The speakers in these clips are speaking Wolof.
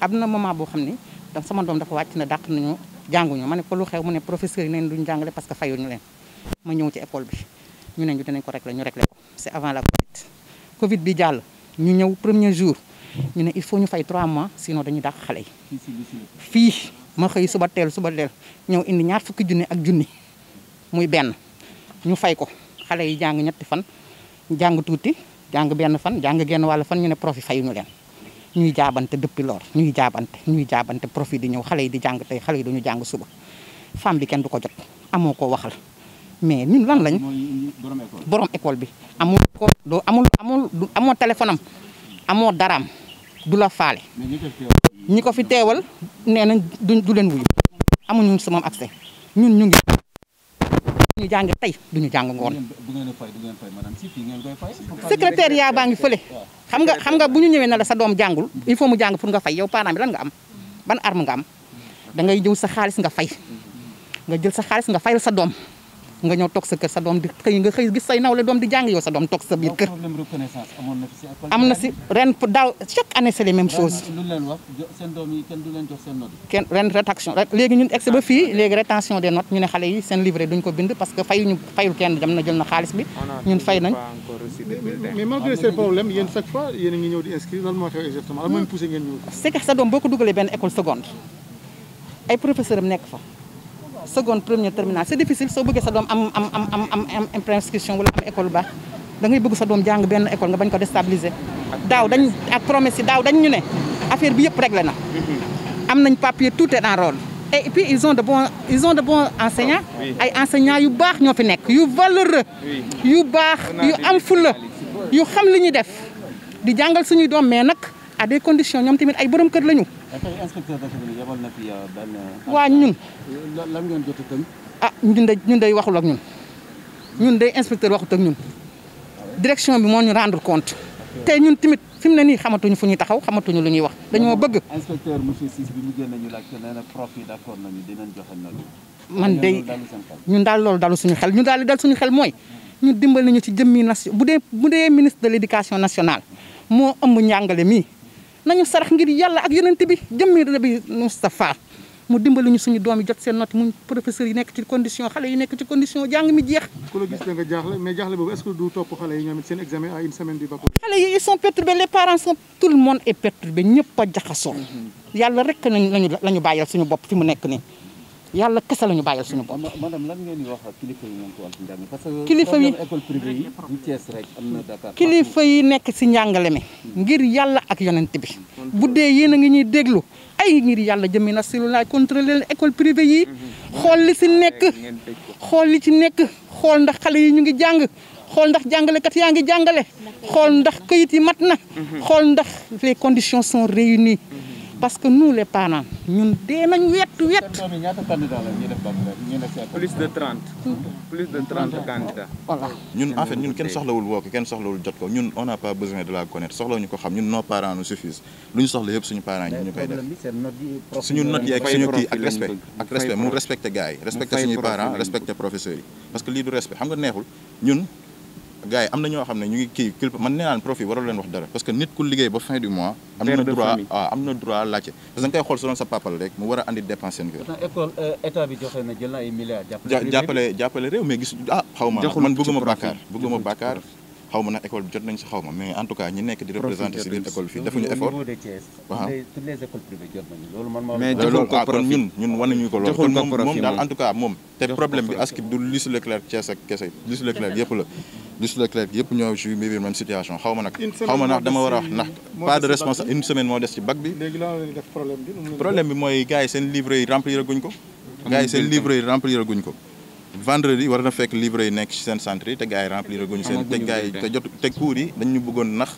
am na bo xamni xam tam sama dom dafa wacc na dak nañu janguñu mané ko lu xew mu ne professeur yi neen duñu jàngale parce que fayuñu len ma ñew ci école bi ñu ne ñu dinañ ko régler ñu régler ko c'est avant la covid covid bi jall ñu ñew premier jour ñu né il faut ñu fay 3 mois sinon dañu dak xalé fi ma xey suba tel suba del ñew indi ñaar fukki jooni ak jooni muy ben ñu fay ko xalé yi jang ñetti fan jang tuuti jang ben fan jang genn wala fan ñu né prof yi fayuñu len ñuy jaabante depuis lors ñuy jaabante ñuy jaabante profit di ñëw xale yi di jàng tey xale yi dañu jàng suba femme bi kenn du ko jot amoo ko waxal mais ñun lan lañ borom école bi amul ko doo amul amul amoo téléphone amoo daraam du la faale ñi ko fi teewal nee du leen wuyu amuñu sama accès ñun ñu ngi ñu jàng tey du ñu jàng ngoon secrétaire yaa baa ngi fële xam nga xam nga bu ñu ñëwee na la sa doom jàngul il faut mu jàng pour nga fay yow parent bi lan nga am ban arme nga am da ngay jëw sa xaalis nga fay nga jël sa xaalis nga fayal sa doom nga ñëw tok sa kër sa doom di xey nga xey gis say nawle doom di jang yow sa doom tok sa biir kër. am si ren daaw chaque année c'est les mêmes choses. kenn ren rétention légui ñun ex ba fi légui rétention des notes ñu ne xale yi seen livret duñ ko bind parce que fayu ñu fayul kenn dem na jël na xaliss bi ñun fay nañ. mais malgré ces problèmes yéen chaque fois yéen a ngi ñëw di inscrire lan moo xew exactement lan moo poussé ngeen ñu c'est que sa doom boko duggalé ben école seconde ay professeur am nekk fa seconde première terminale c'est difficile Si bëggee sa doom am am am am école bu da ngay bëgg sa doom école nga bañ déstabiliser. promesse affaire réglé na. Mhm. am papier tout est en rôle. et puis ils ont de bons ils ont de bons enseignants. Oh, ay enseignants yu ils valeureux. Ils sont yu am à des conditions ñom tamit ay borom kër lañu. Euh, wa ñun. lan ngeen jot a ah ñun day ñun day waxul ak ñun ñun day inspecteur waxut ak ñun direction bi mo ñu rendre compte. té ñun timit fim na ni nii xamatuñu fu ñuy taxaw xamatuñu lu ñuy wax dañu bëgg. inspecteur monsieur Ciss bi mu génne ñu laajte nee prof yi d'accord nañu dinañ joxe noonu. man day ñun dal lool dalu suñu xel ñu dal dal suñu xel moy ñu dimbal nañu ci jëmmi nas bu dé bu dé ministre de l'éducation nationale mo ëmb ñangalé mi nañu sarax ngir yàlla ak yonent bi jëmmi nabi Moustapha mu dimbali ñu suñu doom yi jot seen note mu professeur yi nekk ci condition xale yi nekk ci condition jàng mi jeex. ku la gis da nga jaaxle mais jaaxle boobu est-ce que du topp examen à une semaine du bac. xale yi ils sont perturbés les tout le monde est perturbé ñëpp a jaxasoo. Mm-hmm. yàlla rek lañu la ñu bàyyil suñu bopp fi mu nekk nii. yàlla kese la ñu bàyyil suñu bopp. madame lan ngeen di kilifa yi parce que kilifa yi école privée yi du Thiès nekk si njàngale mi ngir yàlla ak yonent bi bu dee yéen a ngi ñuy déglu ay ngir yàlla jëmi na si lu laay contrôlé leen école privée yi mm-hmm. xool li si nekk xool li ci nekk xool ndax xale yi ñu ngi jàng xool ndax jàngalekat yaa ngi jàngale xool ndax kayit yi mat na mm-hmm. xool ndax les condition sont réunies mm-hmm. parce que nous les parents ñun dee nañ wet wet. plus de trente. plus de trente candidats. voilà ñun en fait ñun kenn soxlawul woo ko kenn soxlawul jot ko ñun on n'a pas besoin de la connaître soxlawuñu ko xam ñun nos parents nous suffisent lu ñu soxla yëpp suñu parents ñu ñu koy def. suñu notes yi ak suñu kii ak respect ak respect mu respecté gars yi. respecté suñuy parents respecté professeurs yi. parce que lii du respect xam nga neexul gaay amna am na ñoo xam ñu ngi ki culpa man neenaan profi profit warul leen wax dara parce que nit ku liggey ba fin du mois amna droit ah amna droit laccé parce que ngay xol koy xool sa papa rek mu wara a andi dépense seen kër école euh, état bi joxe na jël na ay milliards jappalé jappalé réew mais gis ah xawma man bëgguma bakkar bëgguma bakkar xawma na école jot nañ ci xawma mais en tout cas ñi nekk di représenter ci biir école fii ñu effort mais toutes les écoles privées jot nañ lolu man maa mais ah, loolu ah kon ñun ñun wane ñu ko loolu kon moom moom en tout cas mom té problème bi askib du Lycée Leclerc Thiès ak Kese Lycée Leclerc yépp la Lus Leclerc yëpp ñoo ci biir même situation xaw ma nag. xaw ma dama war a wax ndax. pas de responsable une semaine moo des ci bac bi. léegi lan la def problème bi. problème bi mooy gars yi seen livre yi remplir ko. gars yi seen livre yi remplir ko. vendredi war na fekk livre yi nekk ci seen centre yi te gars yi remplir te gars yi te jot te cours yi dañ ñu bëggoon nax.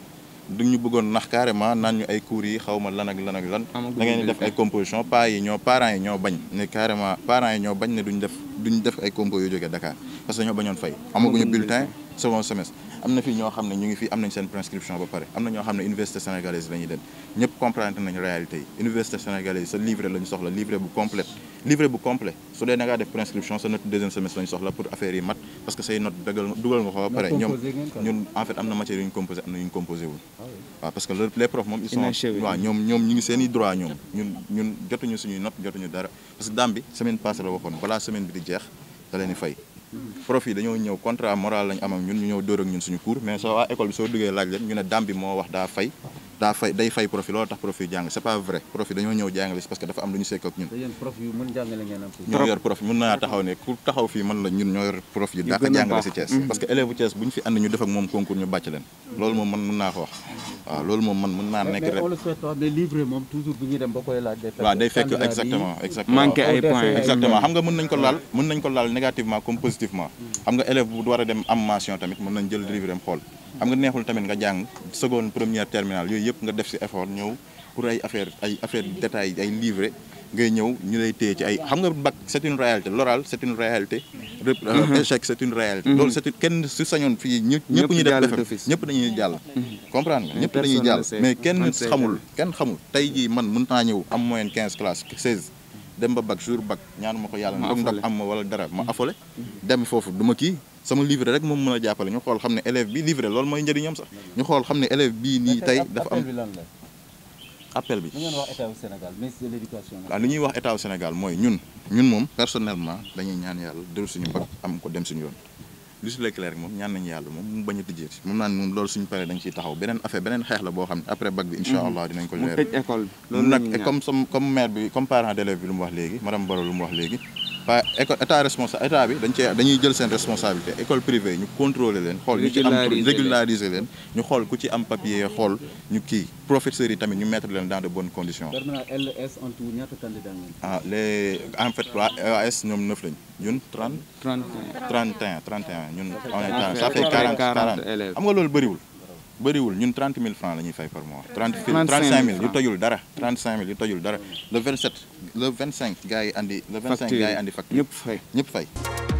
duñ ñu bëggoon nax carrément naan ñu ay cours yi xaw ma lan ak lan ak lan. da ngeen def ay composition pas yi ñoo parents yi ñoo bañ. ne carrément parents yi ñoo bañ ne duñ def duñ def ay compo yu jógee Dakar parce que ñoo bañoon fay. amaguñu bulletin second semestre Amna fi ñoo xamne ñu ngi fi am seen prescription ba paré. Amna na ñoo xam université sénégalaise la den. Ñepp comprendre nañ réalité université sénégalaise sa livret la soxla livret bu complet livret bu complet su dee da def prescription sa note deuxième semestre lañu soxla pour affaire yi mat parce que say note dëggal dugal nga ko ba paré ñoom ñun en fait amna matière yu ñu composé am na ñu composé wul ah waaw parce que les profs mom ils sont wa ñoom ñoom ñu ngi seen droit ñoom ñun ñun jotuñu suñu note jotuñu dara parce que daam semaine passée la waxoon balaa semaine bi di jeex da leni fay prof yi dañoo ñëw contrat moral lañ am ak ñun ñu ñëw dóor ak ñun suñu cours mais soo waa école bi soo duggee laaj leen ñu ne dam bi moo wax daa fay daa fay day fay profit loolu tax profit jàng c'est pas vrai profit dañoo ñëw jàngale si parce que dafa am naa taxaw ne ku taxaw fii man la ñun ñoo yor prof yi daa jàngale si Thiès mm-hmm. parce que élève bu bu ñu fi ànd ñu def moom concours ñu bàcc leen loolu moom man mën naa ko wax loolu moom man mën naa nekk rek waaw day fekk exactement exactement xam nga mën nañ ko laal mën nañ ko laal négativement comme positivement xam nga élève bu war yëpp nga def si effort ñëw pour ay affaire ay affaire détail ay livre ngay ñëw ñu lay téye ci ay xam nga bac set une réalité l'oral c'est une réalité ah, ah. échec c'est une réalité loolu c'est une kenn su sañoon fii ñu ñëpp ñu def defe ñëpp dañuy jàll mm-hmm. comprendre nga ñëpp dañuy jàll mais kenn xamul kenn xamul tey jii man mën naa ñëw am moyenne quinze classe seize dem ba bac jour bac ñaanu ma ko yàlla ndox ndox am ma wala dara ma mm-hmm. affolé dem foofu du ma kii sama livre rek moom mën a jàppale ñu xool xam ne élève bi livre loolu mooy njëriñam sax ñu xool xam ne élève bi nii tey dafa am appel bi waaw li ñuy wax état Sénégal mooy ñun ñun moom personnellement dañuy ñaan yàlla dellu suñu bac am ko dem suñu yoon Luis Leclerc moom ñaan nañu yàlla moom mu bañ a tijjeeti moom naan moom loolu suñu paree dañ ciy taxaw beneen affaire beneen xeex boo xam ne après bac bi incha mhm. allah dinañ ko leer mu nag comme comme maire bi comme parent d'élève bi lu mu wax léegi madame Baro lu mu wax léegi l'État a ses responsabilité, L'école privée, nous contrôlons les écoles, régulariser les écoles, nous avons papier, papiers, nous avons des professeurs, nous mettons dans de bonnes conditions. Ah, LES en tout, nous avons des 30 En fait, l'ELS, nous avons 9 ans. 30 31. 31. Ça fait 40, 40 élèves. le avons beaucoup. Nous avons 30 000 francs par mois. 35 000, nous avons 35 000. Le 27 le 25 gars yi andi. le 25 gars yi andi facture ñëpp fay ñëpp fay.